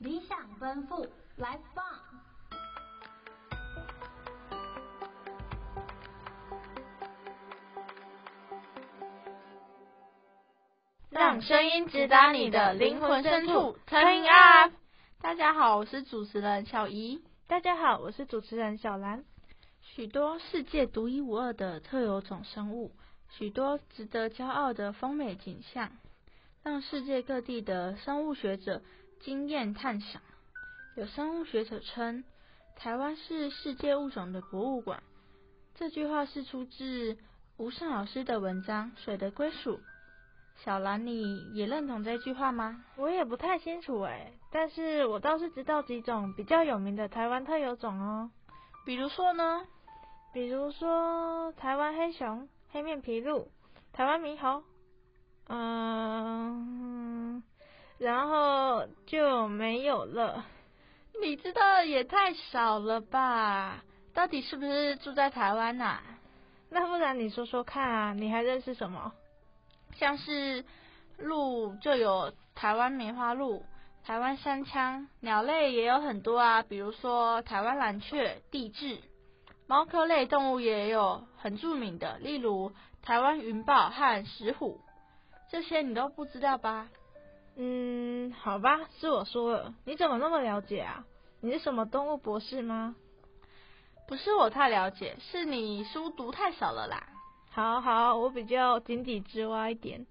理想奔赴，來吧。讓聲音直達你的靈魂深處，Turning up。大家好，我是主持人小儀。大家好，我是主持人小藍。許多世界獨一無二的特有種生物，許多值得驕傲的豐美景象，讓世界各地的生物學者。經驗探賞，有生物學者稱臺灣是世界物種的博物館。這句話是出自吳晟老師的文章《水的歸屬》。小藍，你也認同這句話嗎？我也不太清楚哎、欸，但是我倒是知道幾種比較有名的臺灣特有種哦、喔。比如說呢？比如說臺灣黑熊、黑面琵鷺、臺灣獼猴，嗯。然後就沒有了，你知道也太少了吧？到底是不是住在台灣吶、啊？那不然你說說看啊，你還認識什麼？像是鹿就有台灣梅花鹿、台灣山羌，鳥類也有很多啊，比如說台灣藍鵲、帝雉。貓科類動物也有很著名的，例如台灣雲豹和石虎，這些你都不知道吧？嗯，好吧，是我說了。你怎麼那麼了解啊？你是什麼動物博士嗎？不是我太了解，是你書讀太少了啦。好好，我比較井底之蛙一點。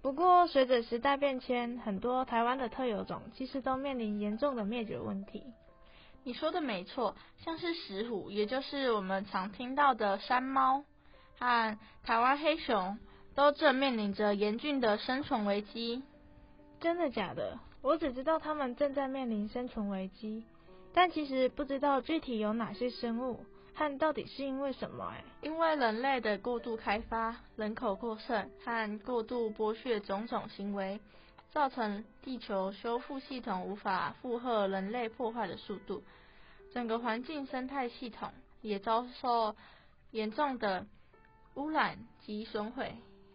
不過隨着時代變遷，很多台灣的特有種其實都面臨嚴重的滅絕問題。你說的沒錯，像是石虎，也就是我們常聽到的山貓，和台灣黑熊，都正面臨着嚴峻的生存危機。真的假的？我只知道他們正在面臨生存危機，但其實不知道具體有哪些生物和到底是因為什麼欸。誒，因為人類的過度開發、人口過剩和過度剝削種種行為，造成地球修復系統無法負荷人類破壞的速度，整個環境生態系統也遭受嚴重的污染及損毀，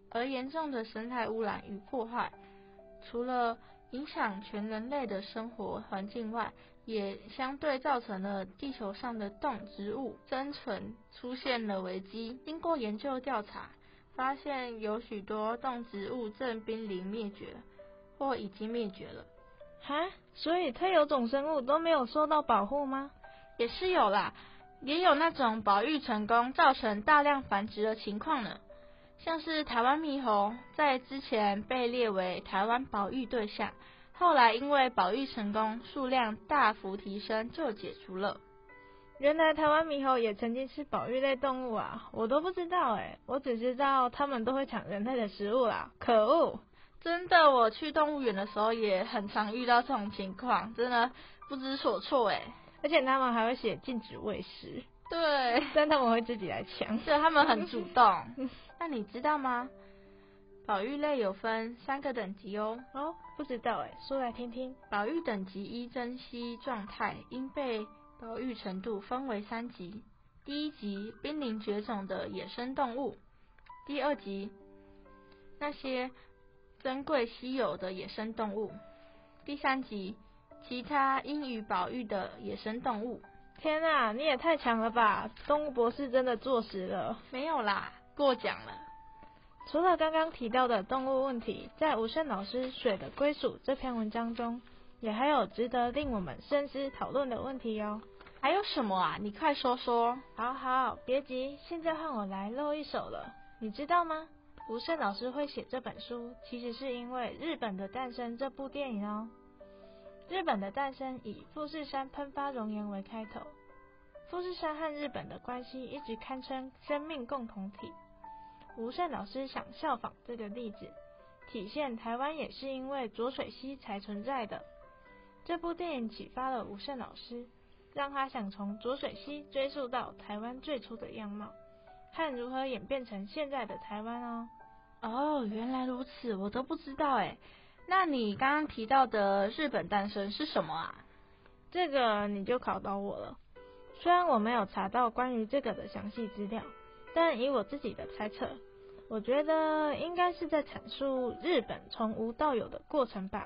而嚴重的生態污染與破壞。除了影響全人類的生活環境外，也相對造成了地球上的動植物生存出現了危機。經過研究調查，發現有許多動植物正瀕臨滅絕，或已經滅絕了。哈，所以特有種生物都沒有受到保護嗎？也是有啦，也有那種保育成功，造成大量繁殖的情況呢。像是台灣獼猴，在之前被列為台灣保育對象，後來因為保育成功，數量大幅提升，就解除了。原來台灣獼猴也曾經是保育類動物啊，我都不知道誒、欸，我只知道它們都會搶人類的食物啊，可惡！真的，我去動物園的時候也很常遇到這種情況，真的不知所措誒、欸，而且他們還會寫禁止餵食。對，但他們會自己來搶。所以他們很主動。 那你知道嗎？保育類有分三個等級哦。哦，不知道哎，說來聽聽。保育等級依珍稀狀態，應被保育程度，分為三級。第一級，瀕臨絕種的野生動物。第二級，那些珍貴稀有的野生動物。第三級，其他應予保育的野生動物。天吶、啊，你也太強了吧！動物博士真的坐實了。沒有啦，過獎了。除了剛剛提到的動物問題，在吳晟老師《水的歸屬》這篇文章中，也還有值得令我們深思討論的問題哦。還有什麼啊？你快說說。好好，別急，現在換我來露一手了。你知道嗎？吳晟老師會寫這本書，其實是因為《日本的誕生》這部電影哦。日本的誕生以富士山噴發熔岩為開頭，富士山和日本的關係一直堪稱生命共同體。吳勝老師想效仿這個例子，體現台灣也是因為濁水溪才存在的。這部電影啟發了吳勝老師，讓他想從濁水溪追溯到台灣最初的樣貌，看如何演變成現在的台灣哦。哦，原來如此，我都不知道誒。那你剛剛提到的日本誕生是什麼啊？這個你就考倒我了。雖然我沒有查到關於這個的詳細資料，但以我自己的猜測，我覺得應該是在闡述日本從無到有的過程吧。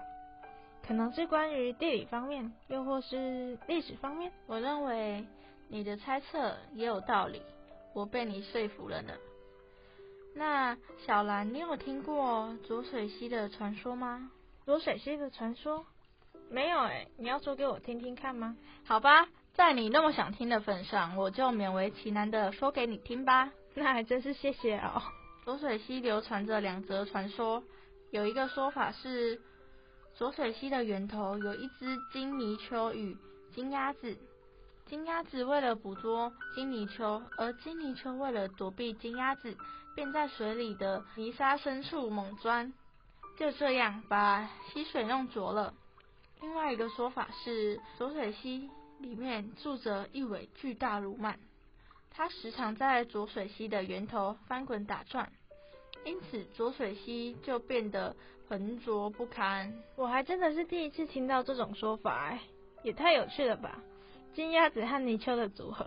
可能是關於地理方面，又或是歷史方面。我認為你的猜測也有道理，我被你說服了呢。那，小蘭，你有聽過濁水溪的傳說嗎？濁水溪的傳說，沒有誒、欸，你要說給我聽聽看嗎？好吧，在你那麼想聽的份上，我就勉為其難的說給你聽吧。那還真是謝謝哦。濁水溪流傳着兩則傳說，有一個說法是，濁水溪的源頭有一隻金泥鰍與金鴨子。金鴨子為了捕捉金泥鰍，而金泥鰍為了躲避金鴨子，便在水裡的泥沙深處猛鑽，就這樣把溪水弄濁了。另外一個說法是，濁水溪裡面住着一尾巨大鱸鰻，它時常在濁水溪的源頭翻滾打轉，因此濁水溪就變得渾濁不堪。我還真的是第一次聽到這種說法、欸，哎，也太有趣了吧！金鴨子和泥鰍的組合，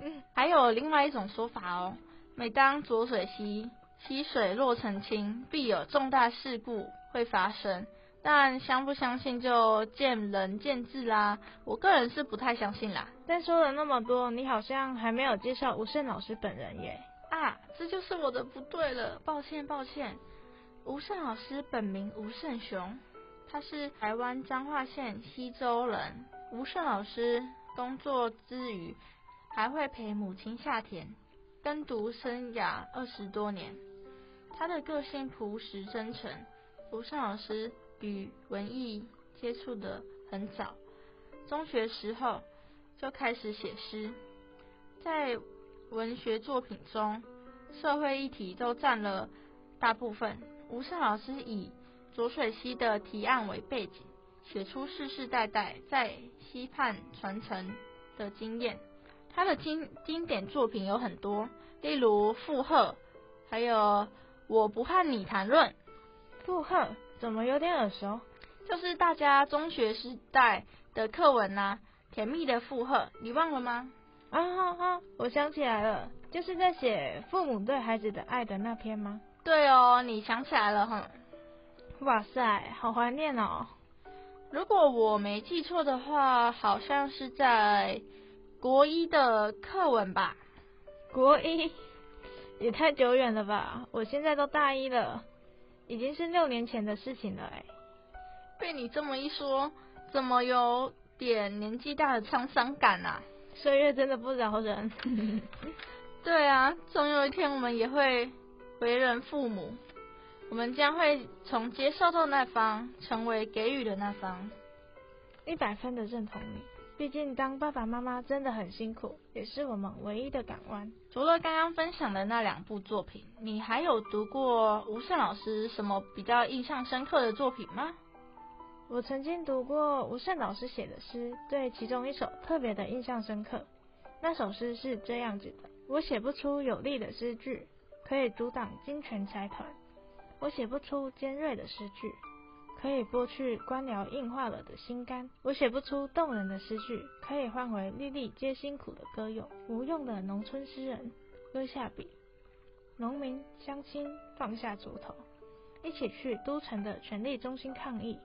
嗯，還有另外一種說法哦。每當濁水溪溪水落澄清，必有重大事故會發生。但相不相信就見仁見智啦。我個人是不太相信啦。但說了那麼多，你好像還沒有介紹吳勝老師本人耶。啊，這就是我的不對了，抱歉抱歉。吳勝老師本名吳勝雄，他是台灣彰化縣溪州人。吳勝老師。工作之餘，還會陪母親下田。耕讀生涯二十多年，他的個性樸實真誠。吳晟老師與文藝接觸的很早，中學時候就開始寫詩。在文學作品中，社會議題都佔了大部分。吳晟老師以濁水溪的提案為背景，寫出世世代代在溪畔傳承的經驗。他的經經典作品有很多，例如《負荷》，還有《我不和你談論》。負荷怎麼有點耳熟？就是大家中學時代的課文吶、啊，《甜蜜的負荷》，你忘了嗎？啊哈哈、啊啊，我想起來了，就是在寫父母對孩子的愛的那篇嗎？對哦，你想起來了哈。哇塞，好懷念哦。如果我沒記錯的話，好像是在國一的課文吧。國一也太久遠了吧？我現在都大一了，已經是六年前的事情了誒。被你這麼一說，怎麼有點年紀大的滄桑感吶、啊？歲月真的不饒人。 對啊，總有一天我們也會為人父母。我們將會從接受的那方，成為給予的那方，一百分的認同你。畢竟，當爸爸媽媽真的很辛苦，也是我們唯一的港灣。除了剛剛分享的那兩部作品，你還有讀過吳晟老師什麼比較印象深刻的作品嗎？我曾經讀過吳晟老師寫的詩，對其中一首特別的印象深刻。那首詩是這樣子的：我寫不出有力的詩句，可以阻擋金權財團。我寫不出尖銳的詩句，可以剝去官僚硬化了的心肝；我寫不出動人的詩句，可以換回粒粒皆辛苦的歌詠。無用的農村詩人，擱下筆，農民鄉親放下鋤頭，一起去都城的權力中心抗議。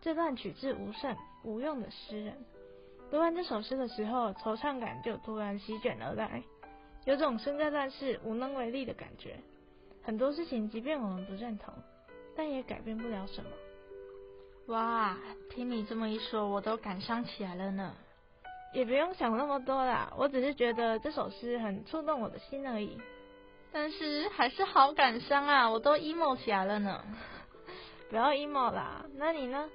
這段取自吳晟，無用的詩人。讀完這首詩的時候，惆悵感就突然席捲而來，有種身在亂世無能為力的感覺。很多事情，即便我們不認同，但也改變不了什麼。哇，聽你這麼一說，我都感傷起來了呢。也不用想那麼多啦，我只是覺得這首詩很觸動我的心而已。但是還是好感傷啊，我都 emo 起來了呢。 不要 emo 啦，那你呢？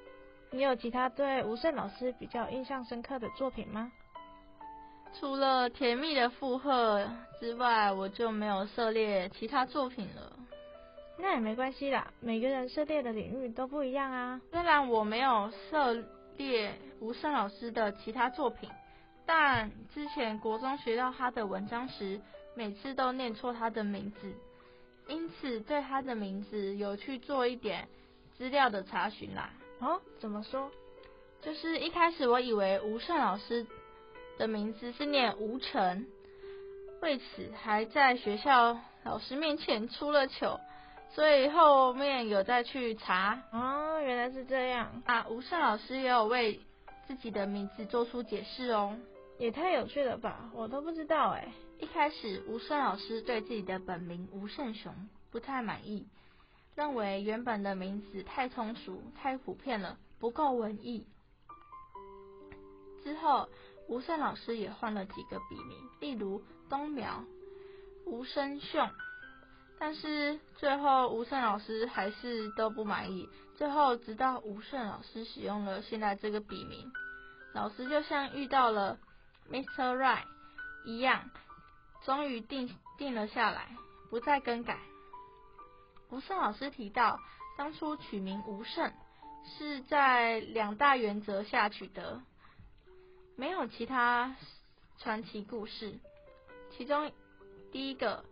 你有其他對吳勝老師比較印象深刻的作品嗎？除了甜蜜的負荷之外，我就沒有涉獵其他作品了。那也沒關係啦，每個人涉獵的領域都不一樣啊。雖然我沒有涉獵吳晟老師的其他作品，但之前國中學到他的文章時，每次都念錯他的名字，因此對他的名字有去做一點資料的查詢啦。哦，怎麼說？就是一開始我以為吳晟老師。的名字是念吳成，為此還在學校老師面前出了糗，所以後面有再去查。哦，原來是這樣啊！吳晟老師也有為自己的名字做出解釋哦，也太有趣了吧，我都不知道哎。一開始，吳晟老師對自己的本名吳勝雄不太滿意，認為原本的名字太通俗、太普遍了，不夠文藝。之後。吳勝老師也換了幾個筆名，例如東苗、吳生雄，但是最後吳勝老師還是都不滿意。最後，直到吳勝老師使用了現在這個筆名，老師就像遇到了 Mr. Right 一樣，終於定定了下來，不再更改。吳勝老師提到，當初取名吳勝是在兩大原則下取得。沒有其他傳奇故事。其中第一個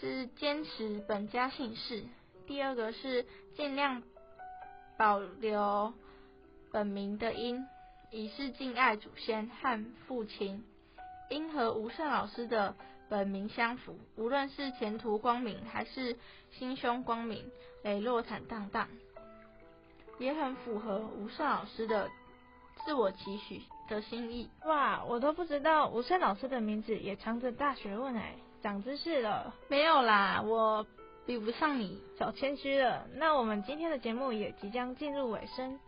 是堅持本家姓氏，第二個是盡量保留本名的音，以示敬愛祖先和父親。因和吳勝老師的本名相符，無論是前途光明還是心胸光明、磊落坦蕩蕩，也很符合吳勝老師的自我期許。的心意哇，我都不知道吳晟老師的名字也藏着大學問來長知識了。沒有啦，我比不上你，小謙虛了。那我們今天的節目也即將進入尾聲，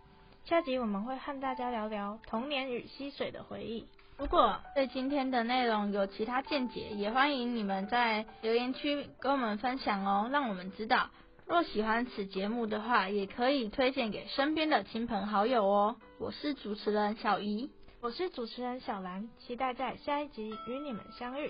下集我們會和大家聊聊童年與溪水的回憶。如果對今天的內容有其他見解，也歡迎你們在留言區跟我們分享哦，讓我們知道。若喜歡此節目的話，也可以推薦給身邊的親朋好友哦。我是主持人小儀。我是主持人小藍，期待在下一集與你們相遇。